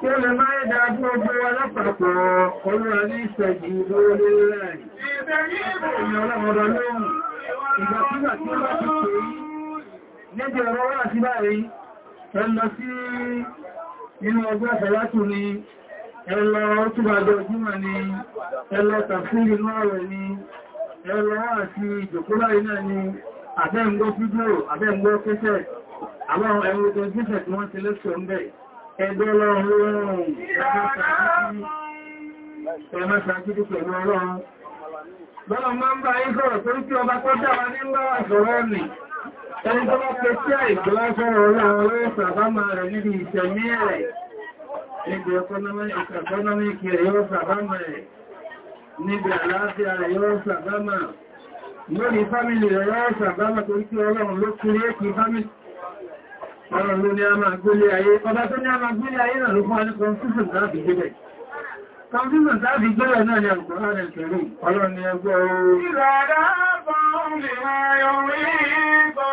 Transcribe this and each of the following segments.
Tí ó lè máa dá bí ogbó wa lápapọ̀ olúwa ní ìṣẹ̀jì lórí lẹ́rẹ̀. Ìgbà tí ó bá ti pè é, níbi ọ̀rọ̀ wà sí báyìí, ẹ lọ sí inú ọgbọ́ ọ̀fẹ́látù ni, ni, ẹ lọ tàfíìlì náà ni, ẹ lọ wà ẹgbẹ́ ọlọ́run ẹ̀mọ́ ṣàkídí pẹ̀lú ọlọ́run lọ́nà máa ń bá yí sọ̀rọ̀ torí kí ọba tó dáwà ní ń bá wà sọ̀rọ̀ nì ẹni tó bá pẹ̀ sí àìgbọ́lá sọ̀rọ̀ ọlọ́run lọ́wọ́ sàbámà rẹ̀ níbi ìṣẹ̀mí rẹ̀ níbi ẹkọ́nọ́míkì rẹ̀ yóò sàbámà rẹ̀ níbi àlàáfíà rẹ̀ yóò sàbámà lórí fámìlì rẹ̀ yóò sàbámà torí kí ọlọ́run ló kúrẹ́ kí fámìlì Ọlọ́run ló ní a máa gbélé ayé, ọba tó ní a máa gbélé ayé náà ló fún wa ní confusion láti gbébẹ̀. Confusion láti gbébẹ̀ náà ni àrùkọ̀ láti ọlọ́run ni ẹgbẹ́ ooo. Ìrọ̀dá bọ́ ń orí bọ́.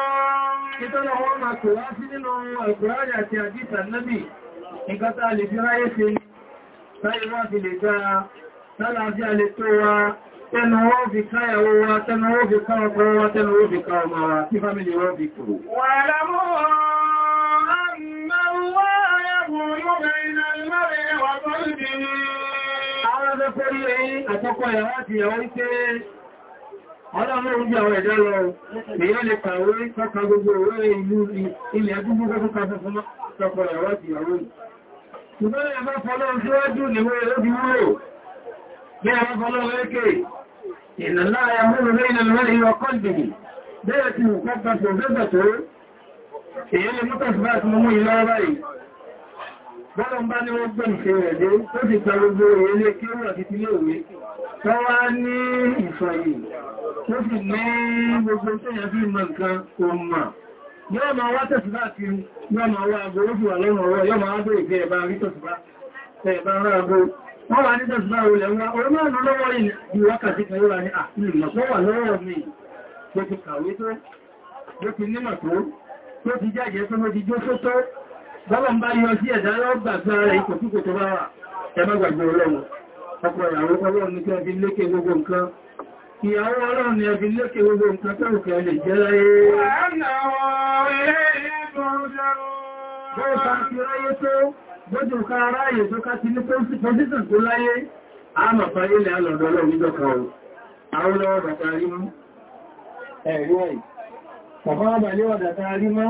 Ìtọ́lọ wọn máa kò wá sí nínú Àlùkùránì àti àdísà nábì, nǹkan tá الحول بين المرء وقلبه Àwọn ọmọ orí ẹ̀yìn àtọ́kọ́ ẹ̀wà àti ìyàwó ìpé ọlọ́run oúnjẹ àwọn ẹ̀dá lọ, èyàn lè kàwé kọ́kà gbogbo orí ìlú ilẹ̀ ẹgbùgbù kọ́kà fún ọkọ̀ ẹ̀wà àti ìyàwó. Ṣùgbọ́n ẹ̀bá fọ́lọ́run tí wájú nìwé Bọ́lọ̀ bá ní wọ́n gbọ́n ìfẹ́ rẹ̀ dé, ó ti gba gbogbo ilé kí ó rọ̀ sí ilé ìwé, tó wá ní ìfọ̀yì, ó sì ní gbogbo tó yẹ bí mọ̀ nǹkan kò mọ̀. Yọ́ ma wá tẹ̀sùbá kiri, yọ́ ma wá agbó, ó fi wà lọ́rùn ọwọ́, yọ́ ma wá bèèrè pé ẹ̀bá rí tẹ̀sùbá, ẹ̀bá rá agbó. Wọ́n wà ní tẹ̀sùbá olè ńlá, orí máa lọ lọ́wọ́ ìwákàtí kan bábá ń bá yọ sí ẹ̀dá lọ́gbàgbà rẹ̀ ipò tí kò tó bá wà ẹgbàgbàgbà ọlọ́run ọkọ̀ ìyàwó ọlọ́run ní kẹ́ fi lékè gbogbo nǹkan ìyàwó ọlọ́run ni ẹbí lékè gbogbo nǹkan tẹ́rùkẹ́ lè jẹ́ láyé Àwọn ọmọ ìlú ọ̀dà tààrí mọ́,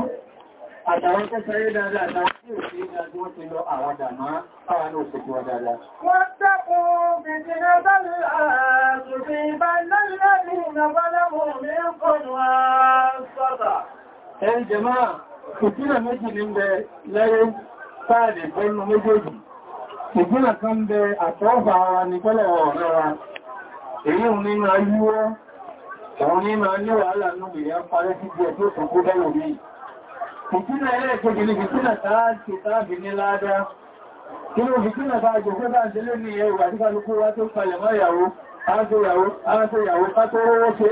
àtàwọn tó sáré dáadáa àtàwọn tí ò sí dáadáa wọ́n ti lọ àwọn dàmá àwọn ní òṣèkú wọn dáadáa. Wọ́n tẹ́kù bìtì náà bẹ́lú àtùfin bá lọ́lẹ́ ní ìnàbálẹ́mù mi ń kọ̀nù àṣọ́ta. Ẹ jẹ̀má, ìpínlẹ̀ méjì ní bẹ lẹ́rẹ́ sáàdì pẹ̀lú méjèèjì. Ìpínlẹ̀ kan bẹ àtọ́fà wa ní pẹ́lẹ̀ ọ̀rọ̀ wa. Fìtínà ẹlẹ́ẹ̀kejì ni fìtínà tààtì tààbì ní ládá. Inú fìtínà bá jẹ́ fẹ́ bá ń délé ní ẹwà tí kálukú wá tó palẹ̀ mọ́ ìyàwó, aṣòyàwó, aṣòyàwó, ká tó rówó ṣe,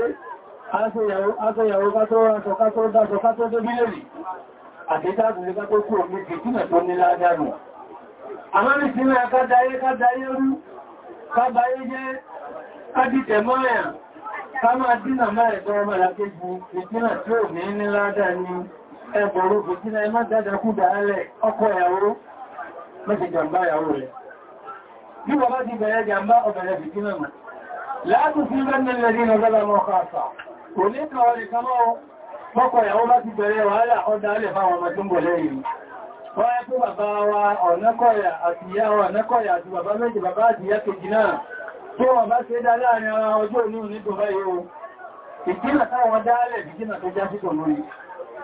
aṣòyàwó, aṣòyàwó, ká tó ránṣọ, ká tó dáṣọ, ká tó débí lèrè. Àtẹ́tàbì ní ká tó kú omi fìtínà tó ní ládá nù. Àmọ́ ní sínú ẹ̀ká dayé, ká dayé rú, ká bayé jẹ́, ká dìtẹ̀ mọ́ ẹ̀yàn, ká máa dínà máa ẹ̀dọ́ ọmọ ìlàkejì, ìtínà ẹgbọ̀rọ̀ kò sí ẹ má dájákú dáálẹ̀ ọkọ̀ ìyàwó mẹ́sẹ̀ jàmbá ìyàwó rẹ̀. Bí wọ́n bá ti bẹ̀rẹ̀ jàmbá ọ̀bẹ̀rẹ̀ fìtí mẹ́mà. Láàtù sí lẹ́nàlẹ́rí ọ̀gọ́lá mọ́ kààfà. Kò ní kàwàrí kamọ́ ọkọ̀ ìyàwó bá ti bẹ̀rẹ̀ wàhálà ọ̀dálẹ̀ fáwọn ọmọ tó ń bọ̀ lẹ́yìn. Wọ́n yẹ tó bàbá wa ọ̀nẹ́kọ̀yà àti ìyá wa ọ̀nẹ́kọ̀yà àti bàbá méjì bàbá àti ìyá kejì náà tó wọ́n bá ṣe dá láàrin ara ọjọ́ òní òní tó báyìí o. Ìjìnà táwọn dálẹ̀ ìjìnà tó já sí tòun lórí.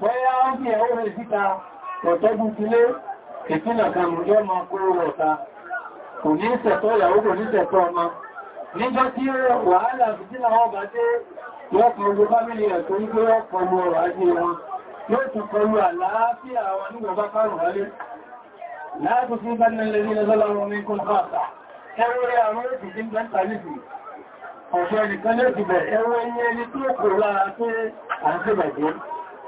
bọ́yá ọ́nà ẹ̀wọ́n rẹ̀ síta ọ̀tọ́gùn sílé ìpínà kanù yọ́ ma kúrò ọ̀ta kò ní ìṣẹ̀tọ́ ìyàwó kò ní ìṣẹ̀tọ́ ọmọ níjọ́ tí wàhálà fìtílà wọ́n bá dé wọ́n kan ojú fámílì rẹ̀ tó ń gbé ọ̀pọ̀lú ọrọ̀ ajé wọn yóò tún kọlu àlàáfíà wọn nígbà bá kárùn wọlé láti fi bá nílẹ̀ ní lọ́lá wọn ní kún fàtà ẹwọ́ rẹ̀ àwọn èsì tí ń bẹ́ tàbí ọ̀ṣọ́ nìkan lè ti bẹ̀ ẹwọ́ ẹni ẹni tó kò lára pé a ń ṣèbàjẹ́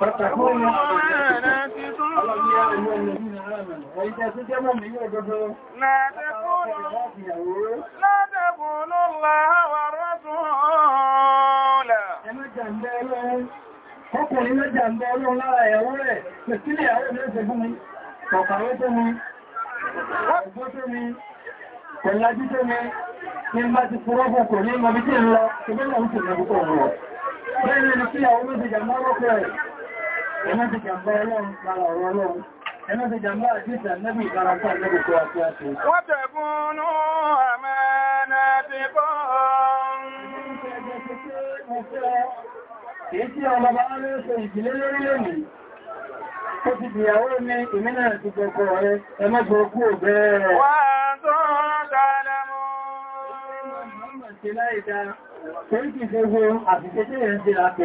فتكون لا تكونوا لا تكونوا الله Ọkùnrin méjì àndọ ọlọ́run ẹ̀wọ́ rẹ̀, pẹ̀sílẹ̀ àwọn ìrẹsẹ̀ fún mi, kọ̀kàwé tó mi, ọgbọ́n tó mi, pẹ̀lájú tó mi, ní bá ti fúrọ́ fún kò ní mọ̀bí tí ń lọ, ṣe bẹ́ẹ̀ ẹmọ́ ti jàmbá ọlọ́run lára ọ̀rọ̀ ọlọ́run ẹmọ́ ti jàmbá àjíṣà nẹ́bì ìgbàrakọ́ nẹ́bì tó àti Èyí tí ọlọ́bá rẹ̀ ṣe ìdílé lórí lónìí, ó ti bìyàwó ní ìmínà ti gbogbo rẹ̀ ẹmọ́gbọ̀ ogún òbẹ́ rẹ̀. Wà tó dáadáa mọ́. Ṣe láìdá, torí kìí ṣe ṣe tí ẹ̀ ń ṣe àpè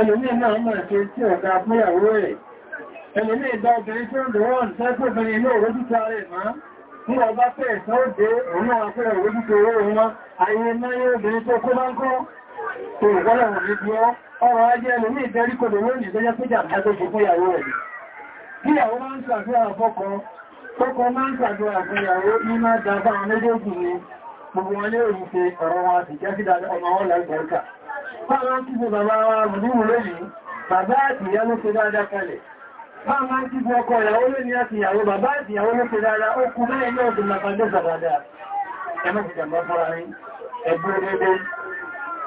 ẹlòmí náà máa ṣe tí ọ̀gá fúyàwó rẹ̀ ẹlòmí ìdá obìnrin tí ó lọ́wọ́n tẹ́kùnbìnrin ní òwú títà rẹ̀ máa ní ọba pẹ̀ sọ́ọ̀dẹ́ òun àpẹẹrẹ òwú títà owó wọn ayé náyé obìnrin tó kó láńkọ́ tó ìgbọ́lọ̀wọ̀n ní bí ọrọ̀ ajé ẹlòmí ìdẹ́ríkọ̀dọ̀ lónìí tó jẹ́ pẹ́jà àgbẹ́jọ fúyàwó rẹ̀ bí àwọn máa ń ṣàfihàn fọ́kọ́ Kọ́kọ́ máa ń ṣàjọ àgbéyàwó ní máa dábà méjèèjì ni gbogbo wọn lé òyìnṣe ọ̀rọ̀ wọn àti jẹ́ sí dáadáa ọmọ wọn láìpẹ̀ẹ́kà. Báwọn tí ṣe bàbá wa rùrù lónìí, bàbá àti ìyá ló ṣe dáadáa kalẹ̀. Báwọn tí ṣe ọkọ ìyàwó lónìí àti ìyàwó bàbá àti ìyàwó ló ṣe dáadáa, ó kú mẹ́rin náà ti máa fàájọ́ sàdáadáa. Ẹ má ti jàmbá fọ́ra rí, ẹ̀bú dédé,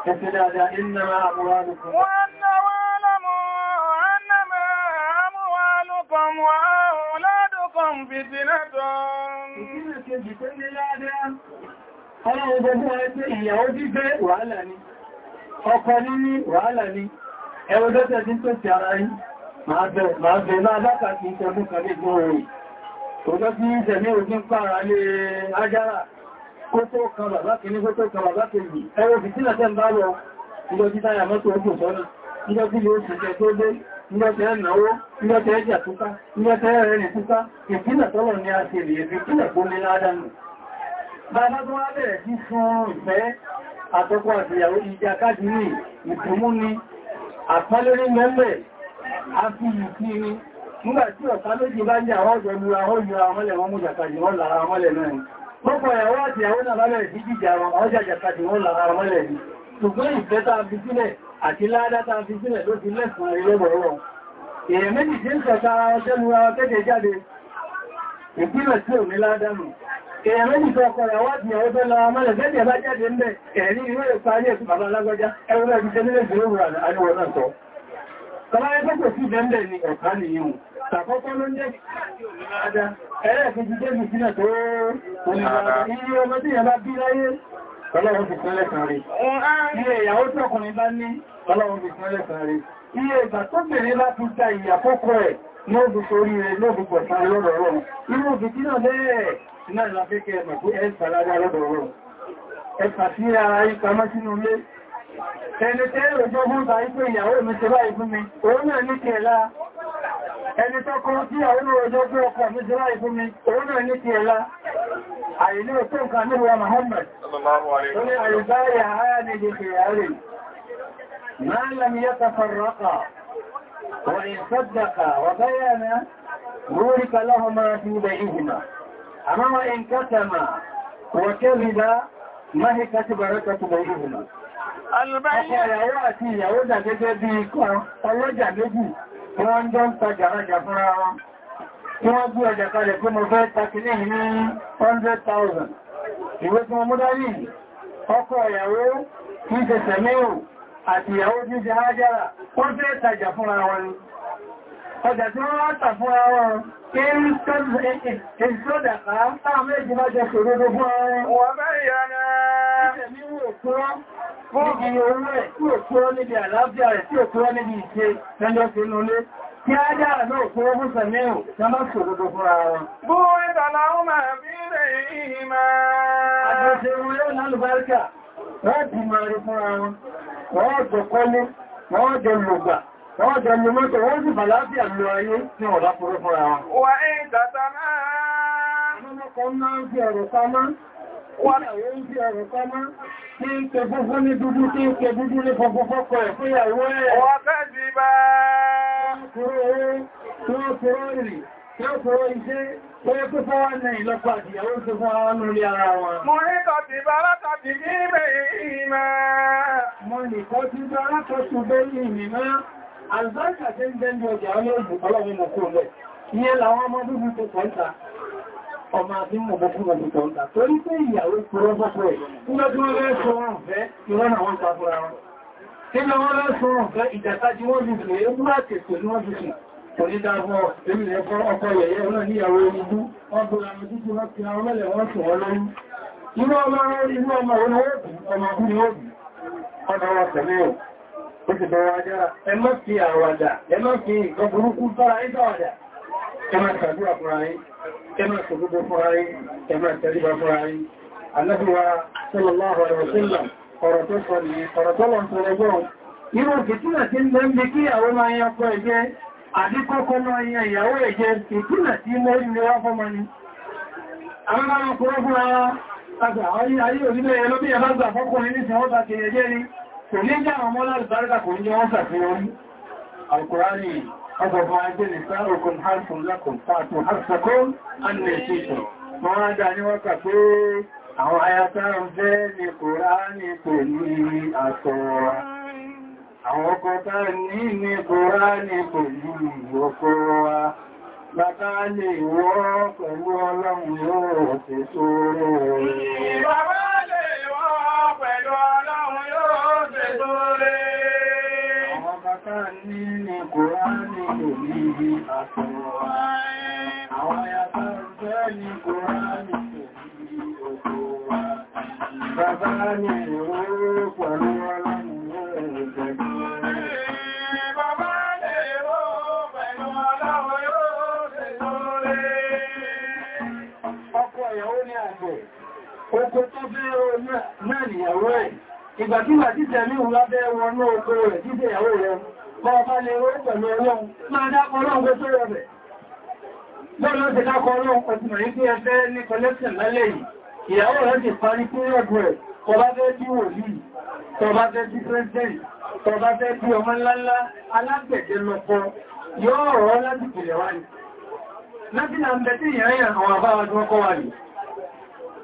ẹ ṣe dáadáa, ìnáwà àmúwá lùkùn. Wọ́n náwà lámọ́, ànàmà àmúwá lùkùn wà ọ̀ládùkùn fìtìnàtọ̀. Ìkínà kejì tó ní láàdá, ọlọ́run gbogbo ẹgbẹ́ ìyàwó jígbé wàhálà ni ọkọ̀ ní wàhálà ní ẹwọ́n tó tẹ́jú tó ti ara yìí máa bẹ̀ máa dákà kí ìṣẹ́gun kan lè gbọ́ rẹ̀ ọjọ́ tí ìṣẹ́ ní òjú ń pààrà lè ajára kó tó kan bàbá kìíní kó tó kan bàbá kìíní ẹwọ́ fìtílẹ̀ tẹ́ ń bá lọ ìjọ tí táyà mọ́tò ojú sọ́nà ìjọ tí lè oṣù jẹ tó dé ìjọ ẹ̀nàwó ìjọ tẹ́ túká ìjọ ẹ̀rẹ́ ní túká ìpínlẹ̀ tọ́lọ̀ ni a ṣe lè fi ìpínlẹ̀ kó lé ládánù bàbá tó wá bẹ̀rẹ̀ sí fún ìfẹ́ àtọ́kọ́ àti ìyàwó ìjà káàkiri ìtùmú ni àpálórí mẹ́mẹ́ àti ìfí ni nígbàtí ọ̀tá méjì bá jẹ́ àwọn ọ̀jọ̀ lura wọ́n yọ àwọn ọmọlẹ̀ wọn mú jàkàjì wọ́n lára ọmọlẹ̀ náà pọ́pọ̀ ẹ̀wọ́ àti ìyàwó náà lálẹ́ ìdíjìjà wọn ọjà jàkàjì wọ́n lára ọmọlẹ̀ ni ṣùgbọ́n ìfẹ́ ta fi sílẹ̀ àti ládá ta fi sílẹ̀ ló ti lẹ́sàn ilébọ̀rọ̀ èèyàn méjì tí ń sọ̀tara ọjọ́ lura ọjọ́ jáde ìpínlẹ̀ tí ò ní ládánù Èèyàn méjì tó ọkọ̀ rẹ̀ wádìí ẹ̀wọ́ tó lọ mọ́lẹ̀ jẹ́jẹ̀ bá jáde ń bẹ̀ ẹ̀rí ìwé ìparí ẹ̀sùn bàbá alágbọ́já ẹwọ́n ẹ̀bí tẹ́lẹ̀ lè gbèrò rà àríwọ̀ náà sọ. Kọláyé tó kò sí ìdẹ́ndẹ̀ ni ọ̀ká nìyíhùn. Tàkọ́kọ́ ló ń yóò fi sórí rẹ̀ yóò fi pẹ̀sà lọ́dọ̀ ọ̀rọ̀ inú fìtí náà lẹ́ẹ̀ iná ìlàfẹ́kẹ́ ẹ̀mọ̀ tó ẹ̀sà lágbà lọ́dọ̀ ọ̀rọ̀ ẹ̀sà sí ara ìpamọ́ sínú ilé ẹni tẹ́rẹ̀ ọjọ́ fún ta ipé ìyàwó mi ṣe báyìí fún mi òun náà ní ti ẹ̀lá ẹni tọ́kọ tí àwọn ọjọ́ fún ọkọ mi ṣe báyìí fún mi òun náà ní ti ẹ̀lá àìlé òtó nǹkan ní wa Muhammad ó ní àìbáyà ara ní ìdíkẹ̀ àárẹ̀ máa ń lámiyẹ́ tafarraqa وإن صدقا وبيانا بورك لهما في بينهما أما وإن كتما وكذبا ما هي كتبركة بينهما Ọkọ̀ ìyàwó àti ìyàwó jà gẹ́gẹ́ bí ikọ́ ọlọ́jà méjì tí wọ́n jọ ń tajà rájà fúnra ọjà 100,000. Ìwé tí àti ìyàwó tí ṣe hájára wọ́n fẹ́ tajà fúnra wọn ọjà tí wọ́n wá fúnra wọn kéré sọ́dà káà méjì má jẹ́ ṣòrodo fún ọrún wọ́n bẹ́rẹ̀ yára ní òkúrọ́ níbi àlàáfíà rẹ̀ tí òkúrọ́ níbi ìṣe lẹ́jọ́ sí nulé kí á dára náà òkúrọ́ fún sẹ̀mẹ́rù tí wọ́n ṣòrodo máa bí rẹ̀ yìí máa wọ́n jẹ kọ́lé wọ́n jẹ lògbà wọ́n jẹ lòmọ́tò wọ́n sì bàláfíà lọ ayé ní ọ̀dá fúrú fúnra wọn wà ní ìdàtà náà ọmọkọ̀ náà ń fi ẹ̀rọ pamá wọ́n ń fi ẹ̀rọ pamá yóò fọwọ́ iṣẹ́ tó yẹ kó fọ́wọ́ náà ìlọ́pàá àdìyàwó tó fọ́wọ́ wọn lórí ara wọn. Mo rí tọ̀tí bá látàtí ní ìbẹ̀ ìmẹ́. Mo rí tọ̀tí bá látàtí ní ìbẹ̀ ìmẹ́. Àlùbáríkà tí ń bẹ́ ní ọjà ọlọ́rùn ọlọ́run mọ̀kúrò lẹ̀. Ìyẹn làwọn ọmọ bíbí tó kọ́ńtà ọmọ àti mọ̀bọ̀ fún ọmọ ìtọ́ǹta torí pé ìyàwó púrọ́ bọ́pọ̀ ẹ̀ nígbàtí wọ́n rẹ̀ sọ wọ́n fẹ́ ìwọ́n àwọn ìtàkùnra wọn tí wọ́n rẹ̀ sọ wọ́n fẹ́ ìjàkájí kò ní dágbọ́ èmì ẹ̀kọ́ ọkọ̀ yẹ̀yẹ́ náà níyàwó ìlú ọdún àmì títí wọ́n ti àwọn mẹ́lẹ̀ wọ́n sùn ọlọ́run inú ọmọ inú ọmọ olóògùn ọmọ ọdún olóògùn ọdún wọn tẹ̀lé ò ó ti bọ́ wájá ẹ má fi àwàdà ẹ má fi nǹkan burúkú bára ìdáwàdà ẹ má ṣàdúrà fúnra yín ẹ má ṣògbogbo fúnra yín ẹ má tẹríba fúnra yín alábíwá sallallahu alaihi wasallam ọ̀rọ̀ tó sọ nìyí ọ̀rọ̀ tó lọ́n sọ lọ́gbọ́n irú fìtínà tí ń lẹ́ ń bí kí àwọn máa yan fún ẹgbẹ́ àdíkọ́kọ́ máa yan ìyàwó ẹ̀jẹ́ ìpínlẹ̀ tí mọ́ ilé wá fọ́mọ ni. Àwọn máa ń kúrọ́ fún ara àgbà ayé òdílé ẹ̀lọ́ bí ẹ̀lá gbà fọ́kùnrin ní ṣe wọ́n àwọn mọ́lá ń fẹ́ ní Kùránì kò ní àwọn ọkọ̀ tá ní ní pẹ̀lú ìyọkọ̀ wa bàtà lè wọ́ pẹ̀lú ọlọ́run yóò ṣe tó rẹ̀ Bàbá lè wọ́ pẹ̀lú ọlọ́run yóò ṣe tó rẹ̀ Ìgbàkígbà tí tẹ̀mí ìwúlá bẹ́ wọnú oko rẹ̀ títẹ̀ ìyàwó rẹ̀, bọ́ ọba lè rọ́ pẹ̀lú ọlọ́run, máa dákọ̀ ọlọ́run gbé tó rẹ̀ bẹ̀. Bọ́ọ̀lọ́ ti dákọ̀ ọlọ́run pẹ̀tùmọ̀ ní tí ẹ fẹ́ ní collection lálẹ́ yìí, ìyàwó rẹ̀ ti parí period rẹ̀, tọba fẹ́ bí wòlíì, tọba fẹ́ bí president, tọba fẹ́ bí ọmọ ńláńlá,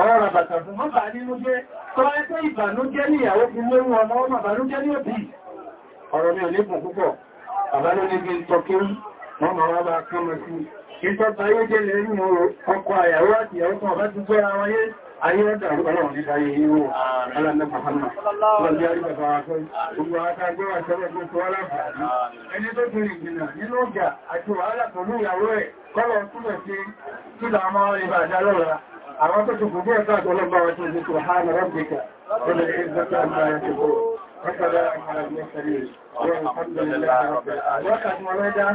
ọ̀rọ̀ bàtà fún mọ́bà nínú jẹ́ tó ẹgbẹ́ ìbànújẹ́ ní ìyàwó fi lórí ọmọ ọmọ ìbànújẹ́ ní òbí ọ̀rọ̀ mi ò ní fún púpọ̀ àbálò ní bí tọ́kí wọ́n ma wá bá kánmọ̀ sí ìtọ́ta ayé jẹ́ lẹ́yìn ọkọ àyàwó àti ìyàwó kan bá ti gbẹ́ra wọn yé ayé ọ̀dà ọlọ́run ní ayé ìwò alàlẹ́ Muhammad àwọn tó tó gbogbo ẹ̀ta àtọ́lọ́gbà wọn tó gbogbo tó ha na rọ́bìkà tó lè rí zata àmà ẹ̀kọ́ wọ́kàdá àmà ẹ̀mẹ́sẹ̀rẹ̀ wọ́n alhamdulillah rọ̀bẹ̀ wọ́kàtí wọ́n lẹ́dá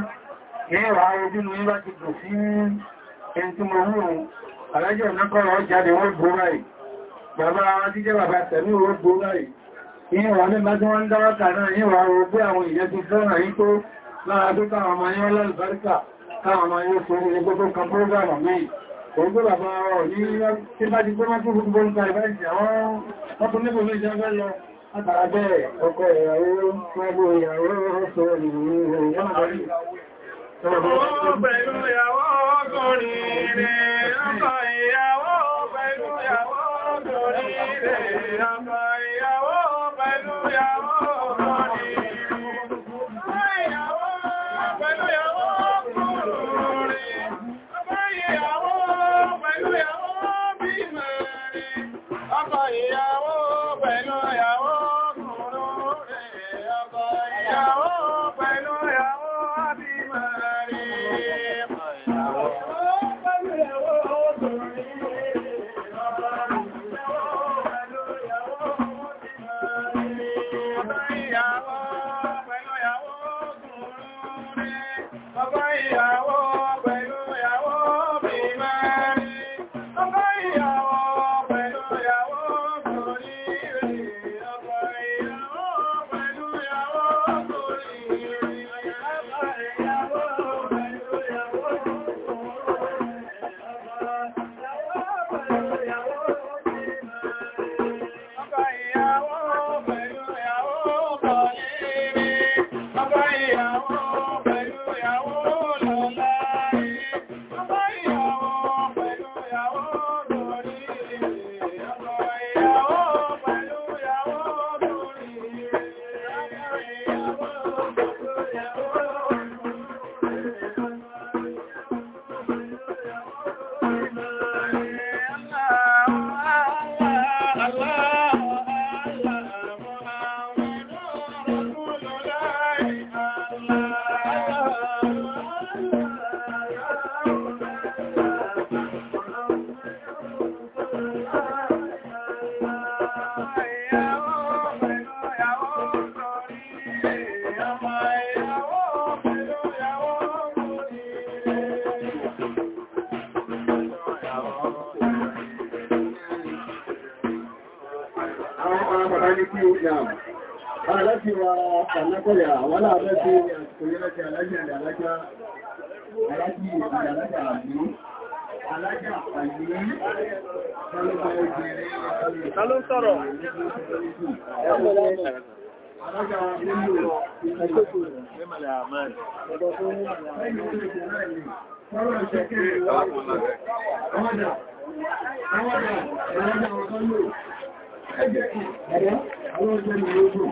ní ẹ̀wà ojú ní wá ti tò sí ẹni tí mo mú alájọ́ ìnákọ́rọ̀ jáde wọ́n gbó ráì bàbá wa tí jẹ́ bàbá tẹ̀mí wọ́n gbó ráì ìwà mẹ́bá tí wọ́n dáwọ́kà náà ìwà ogbé àwọn ìyẹ́ ti fẹ́ràn yí ní gbogbo kan prógámù Ògbé bàbá ọ̀ ní tí bá ti gbọ́nà fún gbogbo ìgbà ìbájì àwọn ọkùn nígbò ní ìjọba lọ látara bẹ́ẹ̀ ọkọ̀ ìyàwó pẹ̀lú ìyàwó ọ̀sọ̀ ìrìnrìn ìyàwó pẹ̀lú ìyàwó ọkùnrin rẹ̀ ọkọ̀ ìyàwó pẹ̀lú ìyàwó ọkùnrin rẹ̀ láti wa kàlákọ̀yà wà láàrẹ́ tí kòrí láti alájà alájà alájà àbí alájà àbí tálọ́ sọ̀rọ̀ Alága nínú ìgbẹ́kòkò rẹ̀, mẹ́màlẹ̀ àmáàrì. Ọjọ́ fún ìrìnàlẹ̀ náà ni, ọjọ́ ìṣẹ́kẹ̀ẹ́ ìwọ́n. Ọmọdà, ọmọdà, ọmọdà ọ̀tọ́ lò. Ẹgbẹ́ ìgbẹ́ àwọn ọjọ́ ìwọ́n.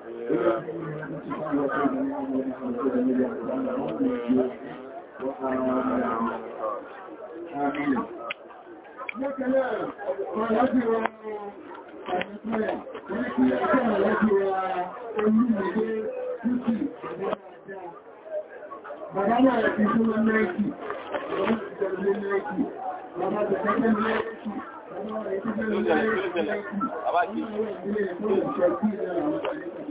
Bàbá náà ti tó lọ mẹ́rẹ́kì, ọ̀rọ̀ ti jẹ́ lọ mẹ́rẹ́kì, bàbá jẹ́ lọ mẹ́rẹ́kì, bàbá rẹ̀ ti jẹ́ lọ mẹ́rẹ́kì, bàbá jẹ́ lọ mẹ́rẹ́kì,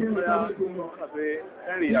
Ẹ̀rìn àjùmọ̀ra.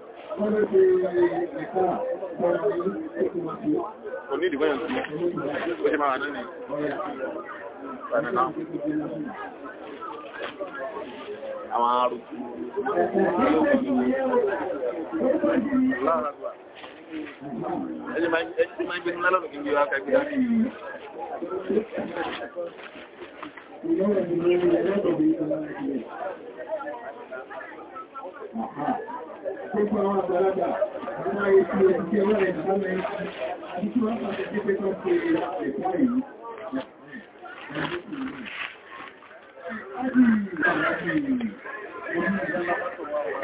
Kò ní ìdìbọn yẹn tí ó ṣe máa nínú àwọn arùkú ẹni tí máa ń gbé ní lálọ́nà kí n bí wá kàgbé láti Thank you gbogbo àwọn àgbàlagbà àwọn ètò ẹ̀kí ọwọ́ rẹ̀ ìjọba ẹ̀kí àti tí wọ́n pàtàkì pẹ́pẹ́ tó ṣe ẹ̀kọ́ yìí Thank you.